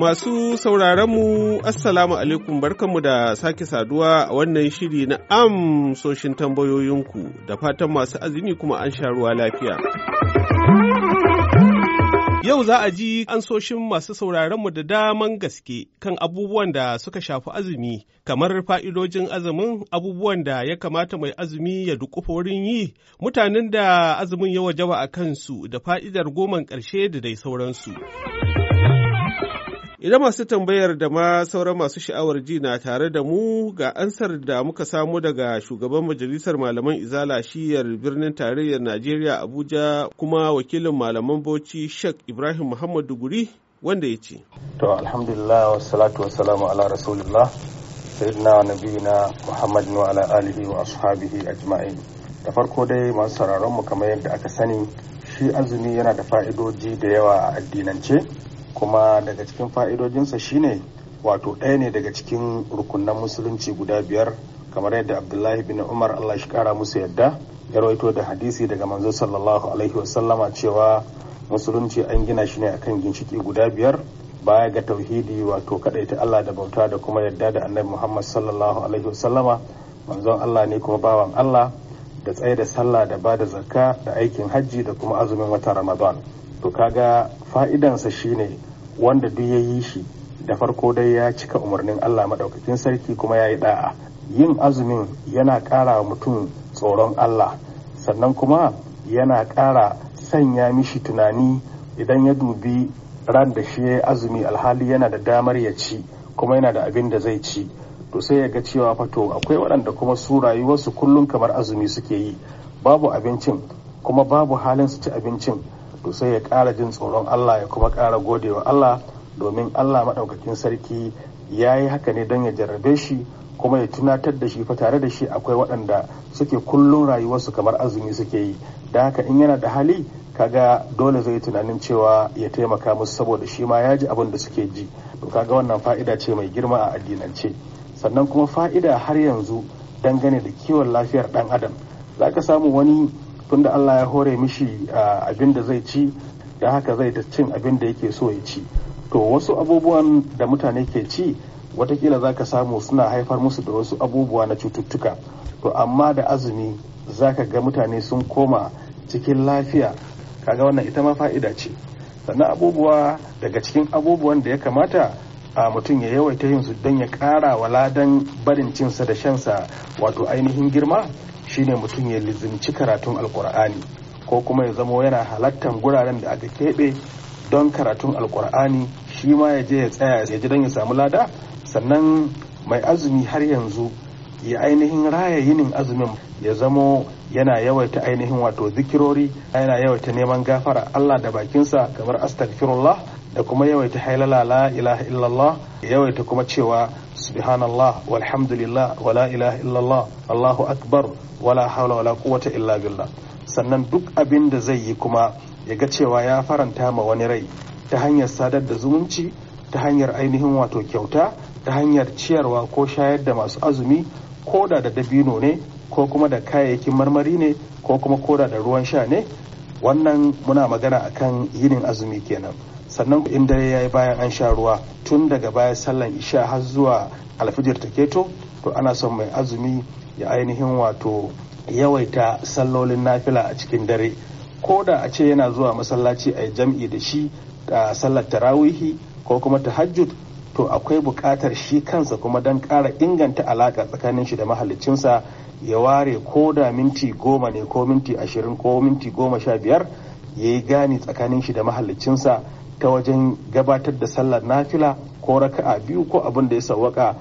Masu sauraronmu, Assalamu alaikum barkanmu da sake saduwa a wannan shiri na amsoshin tambayoyinku da fatan masu azumi kuma an sha ruwa lafiya. Yau za a ji ansoshin masu sauraronmu da daman gaske kan abubuwan da suka shafi azumi, kamar fa'idojin azumin abubuwan da ya kamata mai azumi ya dukufa wurin yi, mutanen da azumin ya wajaba a kansu da fa'idar goman ƙarshe da dai sauransu. Idan masu tambayar da ma sauran masu sha'awar ji na tare da mu ga ansar da muka samu daga shugaban majalisar malaman izala shiyar birnin tarayyar Najeriya Abuja kuma wakilin malaman Bauchi Sheikh Ibrahim Muhammad Duguri wanda ya ce. To alhamdulillah wassalatu wassalamu ala rasulillah sayyidina wa nabiyina muhammad wa ala alihi wa ashabihi ajma'in. Da farko dai masu sauraron mu kamar yadda aka sani shi azumi yana da fa'idoji da yawa a addinance kuma daga cikin fa'idojinsa shine wato ɗaya ne daga cikin rukunan musulunci guda biyar kamar yadda abdullahi bin umar allah shi kara musu yadda ya rawaito da hadisi daga manzo sallallahu alaihi wasallama cewa musulunci an gina shi ne akan ginshiki guda biyar baya ga tauhidi wato ta allah da bauta da kuma yadda da annabi muhammad sallallahu alaihi wasallama manzon allah ne kuma bawan allah da tsaye da sallah da ba da zakka da aikin hajji da kuma azumin wata ramadan to kaga fa'idansa shine wanda duk ya yi shi da farko dai ya cika umarnin Allah maɗaukakin sarki kuma ya yi da'a yin azumin yana ƙara wa mutum tsoron Allah sannan kuma yana ƙara sanya mishi tunani idan ya dubi ran da shi ya azumi alhali yana da damar ya ci kuma yana da abin da zai ci to sai ya ga cewa fato akwai waɗanda kuma su rayuwarsu kullum kamar azumi suke yi babu abincin kuma babu halin su ci abincin to sai ya kara jin tsoron Allah ya kuma ƙara godewa Allah domin Allah maɗaukakin sarki ya yi haka ne don ya jarrabe shi kuma ya tunatar da shi fa tare da shi akwai waɗanda suke kullum rayuwarsu kamar azumi suke yi da haka in yana da hali kaga dole zai tunanin cewa ya taimaka musu saboda shi ma ya ji abin da suke ji to kaga wannan fa'ida ce mai girma a addinance sannan kuma fa'ida har yanzu dangane da kiwon lafiyar ɗan adam za ka samu wani tun da Allah ya hore mishi abin da zai ci da haka zai ta cin abin da yake so ya ci to wasu abubuwan da mutane ke ci watakila za ka samu suna haifar musu da wasu abubuwa na cututtuka to amma da azumi za ka ga mutane sun koma cikin lafiya kaga wannan ita ma fa'ida ce sannan abubuwa daga cikin abubuwan da ya kamata a mutum ya yawaita yin su don ya ƙara wa ladan barin cinsa da shansa wato ainihin girma shine mutum ya lizinci karatun alkur'ani ko kuma ya zamo yana halattan guraren da aka keɓe don karatun alkur'ani shi ma ya je ya tsaya ya ji don ya samu lada sannan mai azumi har yanzu ya ainihin raya yinin azumin ya zamo yana yawaita ainihin wato zikirori yana yawaita neman gafara Allah da bakinsa kamar astaghfirullah da kuma yawaita hailala la ilaha illallah yawaita kuma cewa لله walhamdulillah wala ilaha illallah allahu akbar wala حول wala quwwata illa بالله sannan duk abin da zai yi kuma ya ga cewa ya faranta ma wani rai ta hanyar sadar da zumunci ta hanyar ainihin wato kyauta ta hanyar ciyarwa ko shayar da masu azumi ko da da dabino ne ko kuma da kayayyakin marmari ne ko kuma koda da ruwan sha ne wannan muna magana akan yinin azumi kenan sannan in dare ya yi bayan an sha ruwa tun daga bayan sallan isha har zuwa alfijir ta keto to ana son mai azumi ya ainihin wato yawaita sallolin nafila a cikin dare ko da a ce yana zuwa masallaci a jam'i da shi da sallar tarawihi ko kuma tahajjud to akwai bukatar shi kansa kuma don ƙara inganta alaƙa tsakanin shi da mahalicinsa ya ware ko da minti goma ne ko minti ashirin ko minti goma sha biyar ya yi gani tsakanin shi da mahalicinsa. ta wajen gabatar da sallar nafila ko raka'a biyu ko abin da ya sawwaka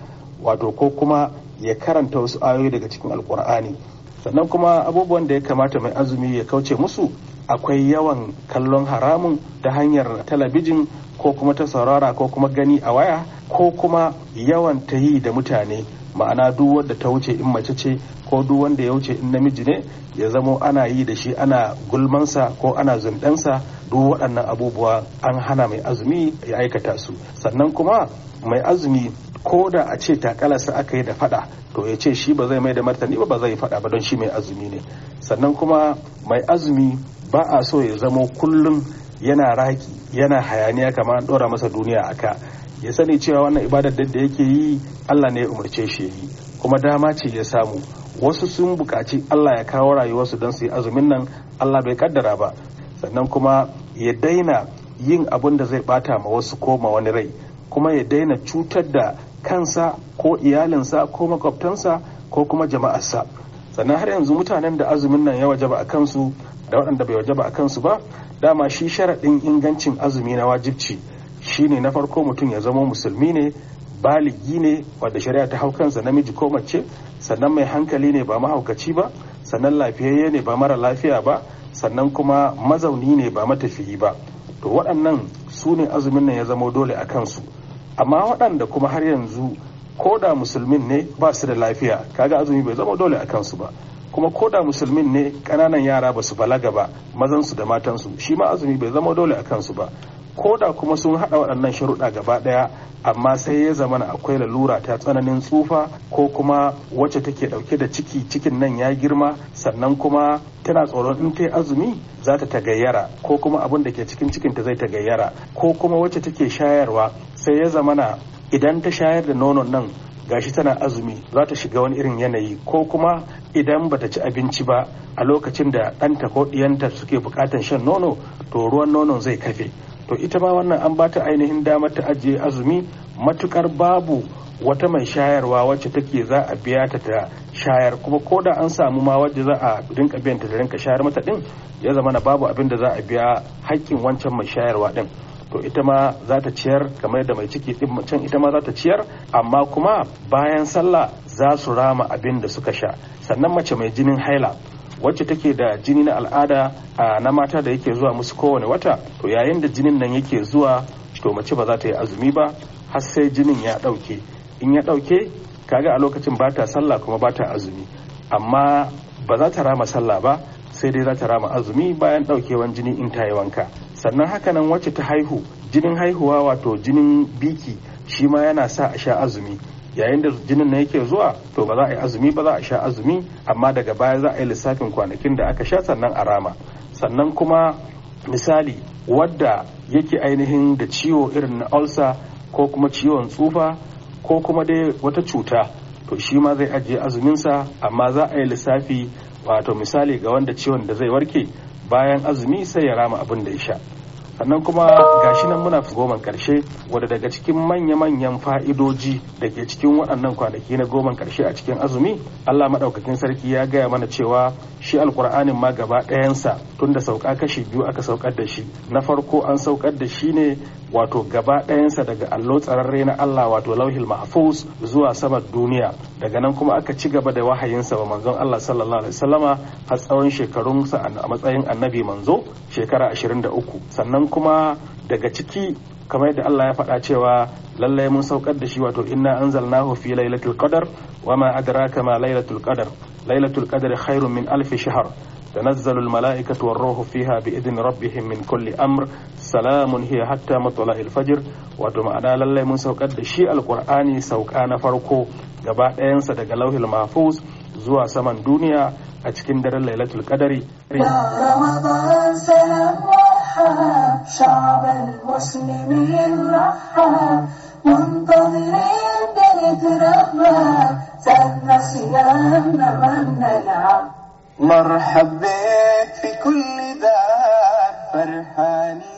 wato ko kuma ya karanta wasu ayoyi daga cikin alkur'ani sannan kuma abubuwan da ya kamata mai azumi ya kauce musu akwai yawan kallon haramun ta hanyar talabijin ko kuma ta saurara ko kuma gani a waya ko kuma yawan ta yi da mutane ma'ana duk wanda ta wuce in mace ce ko duk wanda ya wuce in namiji ne ya zamo ana yi da shi ana gulmansa ko ana zundansa duk waɗannan abubuwa an hana mai azumi ya aikata su sannan kuma mai azumi ko da a ce takalarsa aka yi da fada to ya ce shi ba zai mai da martani ba ba zai fada ba don shi mai azumi ne sannan kuma mai azumi ba a so ya zamo kullum yana raki yana hayaniya kamar an ɗora masa duniya aka ya sani cewa wannan ibadar da yake yi Allah ne ya umarce shi yi kuma dama ce ya samu wasu sun bukaci Allah ya kawo rayuwarsu don su yi azumin nan Allah bai kaddara ba sannan kuma ya daina yin abin da zai bata ma wasu ko ma wani rai kuma ya daina cutar da kansa ko iyalinsa ko makwabtansa ko kuma jama'arsa sannan har yanzu mutanen da azumin nan ya wajaba a kansu da waɗanda bai wajaba a kansu ba dama shi sharaɗin ingancin azumi na wajibci Shi ne na farko mutum ya zama musulmi ne baligi ne wadda shari'a ta hau kansa namiji ko mace sannan mai hankali ne ba mahaukaci ba sannan lafiyayye ne ba mara lafiya ba sannan kuma mazauni ne ba matafiyi ba to waɗannan su ne azumin nan ya zama dole a kansu amma waɗanda kuma har yanzu ko da musulmin ne ba su da lafiya kaga azumi bai zama dole a kansu ba kuma ko da musulmin ne ƙananan yara ba su balaga ba mazansu da matansu shi ma azumi bai zama dole a kansu ba ko da kuma sun haɗa waɗannan sharuɗa gaba ɗaya amma sai ya zamana akwai lalura ta tsananin tsufa ko kuma wacce take ɗauke da ciki cikin nan ya girma sannan kuma tana tsoron in ta azumi za ta tagayyara ko kuma abin da ke cikin cikinta zai tagayyara ko kuma wacce take shayarwa sai ya zamana idan ta shayar da nonon nan gashi tana azumi za ta shiga wani irin yanayi ko kuma idan bata ci abinci ba a lokacin da ɗanta ko ɗiyanta suke buƙatar shan nono to ruwan nonon zai kafe to ita ma wannan an bata ainihin damar ta ajiye azumi matukar babu wata mai shayarwa wacce take za a biya ta ta shayar kuma ko da an samu ma wacce za a rinka biyan ta da rinka shayar mata din ya zama na babu abin da za a biya haƙƙin wancan mai shayarwa din to ita ma za ta ciyar kamar da mai ciki din can ita ma za ta ciyar amma kuma bayan sallah za su rama abin da suka sha sannan mace mai jinin haila wacce take da jini na al'ada na mata da yake zuwa musu kowane wata to yayin da jinin nan yake zuwa to mace ba za ta yi azumi ba har sai jinin ya ɗauke in ya ɗauke kaga a lokacin ba ta sallah kuma ba ta azumi amma ba za ta rama sallah ba sai dai za ta rama azumi bayan ɗaukewan jini in ta yi wanka sannan haka nan wacce ta haihu jinin haihuwa wato jinin biki shi ma yana sa a sha azumi yayin da jinin na yake zuwa to ba za a yi azumi ba za a sha azumi amma daga baya za a yi lissafin kwanakin da aka sha sannan a rama sannan kuma misali wadda yake ainihin da ciwo irin na ulcer ko kuma ciwon tsufa ko kuma dai wata cuta to shi ma zai ajiye azuminsa amma za a yi lissafi wato misali ga wanda ciwon da zai warke bayan azumi sai ya rama abin da ya sha sannan kuma gashi nan muna goman karshe wadda daga cikin manya-manyan fa'idoji da ke cikin waɗannan kwanaki na goman karshe a cikin azumi Allah maɗaukakin sarki ya gaya mana cewa shi alkur'anin ma gaba ɗayansa tun da sauka kashi biyu aka saukar da shi na farko an saukar da shi ne wato gaba ɗayansa daga allo tsararre na Allah wato lauhil mahfuz zuwa samar duniya daga nan kuma aka ci gaba da wahayinsa wa manzon Allah sallallahu alaihi wasallama har tsawon shekarunsa a matsayin annabi manzo shekara 23 sannan kuma daga ciki kamar yadda Allah ya faɗa cewa lallai mun saukar da shi wato inna anzalnahu fi lailatul qadar wa ma adraka ma lailatul qadar lailatul qadar khairun min alfi shahr تنزل الملائكة والروح فيها بإذن ربهم من كل أمر سلام هي حتى مطلع الفجر وتمعنا saukar da shi شيء sauka na farko gaba ɗayansa daga lauhil mafus zuwa saman duniya a cikin daren lailatul qadari. شعب المسلمين رحى منتظرين بنتربى سنة سيامنا من نلعب مرحب بك في كل دار فرحاني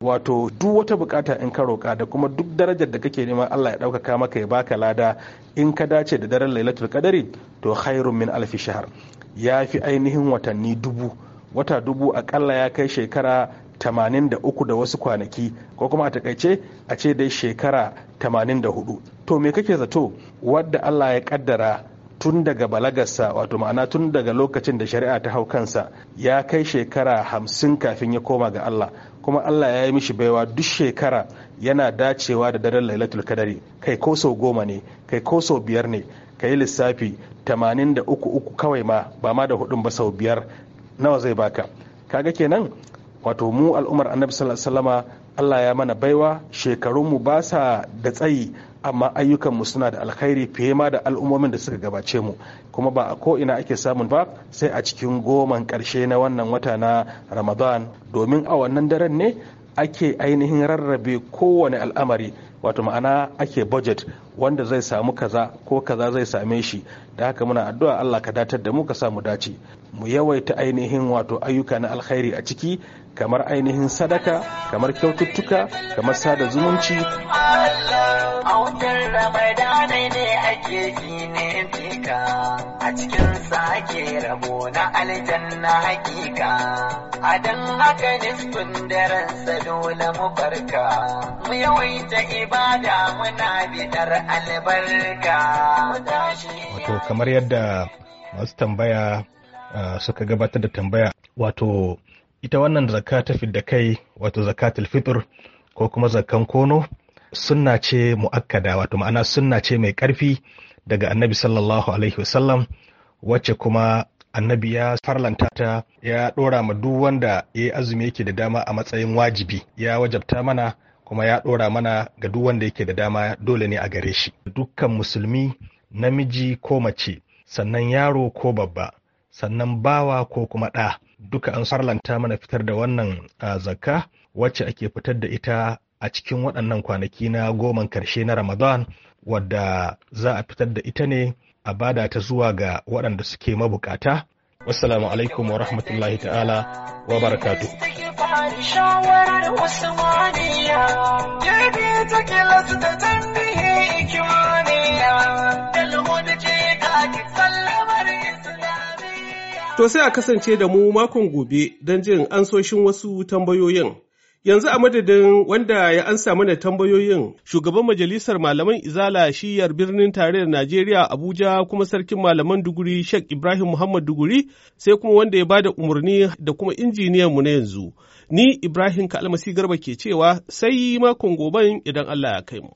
wato duk wata bukata in ka roƙa da kuma duk darajar da kake neman Allah ya ɗaukaka maka ya baka lada in ka dace da daren lailatul kadari to khairun min alfi shahar ya fi ainihin watanni dubu wata dubu akalla ya kai shekara 83 da wasu kwanaki ko kuma a takaice a ce dai shekara 84 to me kake zato wadda allah ya kaddara tun daga balagarsa wato ma'ana tun daga lokacin da shari'a ta hau kansa ya kai shekara hamsin kafin ya koma ga allah kuma allah ya yi mishi baiwa duk shekara yana dacewa da daren lailatul kadari kai ko sau goma ne kai ko sau biyar ne ka yi lissafi 83 uku kawai ma ba ma da hudun ba sau biyar nawa zai baka kaga kenan wato mu al'ummar annabi sallallahu alaihi wasallama Allah ya mana baiwa shekarunmu ba sa da tsayi amma ayyukan mu suna da alkhairi fiye ma da al'ummomin da suka gabace mu kuma ba a ina ake samun ba sai a cikin goman karshe na wannan wata na ramadan domin a wannan daren ne ake ainihin rarrabe kowane al'amari wato ma'ana ake budget wanda zai samu kaza ko kaza zai same shi da haka muna addu'a Allah ka datar da mu ka samu dace mu yawaita ainihin wato ayyuka na alkhairi a ciki kamar ainihin sadaka kamar kyaututtuka kamar sada zumunci a cikin sake rabo na aljanna hakika a dan haka nisfin daren dole mu farka mu yawaita ibada muna bidar albarka. Wato kamar yadda masu tambaya uh, suka gabatar da tambaya wato ita wannan zakka ta fidda kai wato zakatul fitr ko kuma zakkan kono sunna ce mu'akkada wato ma'ana sunna ce mai karfi daga annabi sallallahu alaihi wasallam wacce kuma annabi ya farlanta ta ya dora ma duk wanda ya azumi yake da dama a matsayin wajibi ya wajabta mana kuma ya ɗora mana ga duk wanda yake da dama dole ne a gare shi dukkan musulmi namiji ko mace sannan yaro ko babba sannan bawa ko kuma ɗa duka an sarlanta mana fitar da wannan zakka wacce ake fitar da ita a cikin waɗannan kwanaki na goman karshe na ramadan wadda za a fitar da ita ne a bada ta zuwa ga waɗanda suke mabukata wassalamu alaikum wa rahmatullahi ta'ala wa barakatuh bani shawarar usmaniya girbi ta kilas da tambihi ikimaniya dalmud ce kaki sallamar to sai a kasance da mu makon gobe don jin ansoshin wasu tambayoyin Yanzu a madadin wanda ya ansa mana tambayoyin shugaban majalisar malaman izala shiyar birnin tarayyar Najeriya Abuja kuma sarkin malaman duguri Sheikh Ibrahim Muhammad duguri sai kuma wanda ya bada umarni da kuma injiniyan mu na yanzu. Ni Ibrahim Kalmasi Garba ke cewa sai makon goben idan Allah ya kai mu.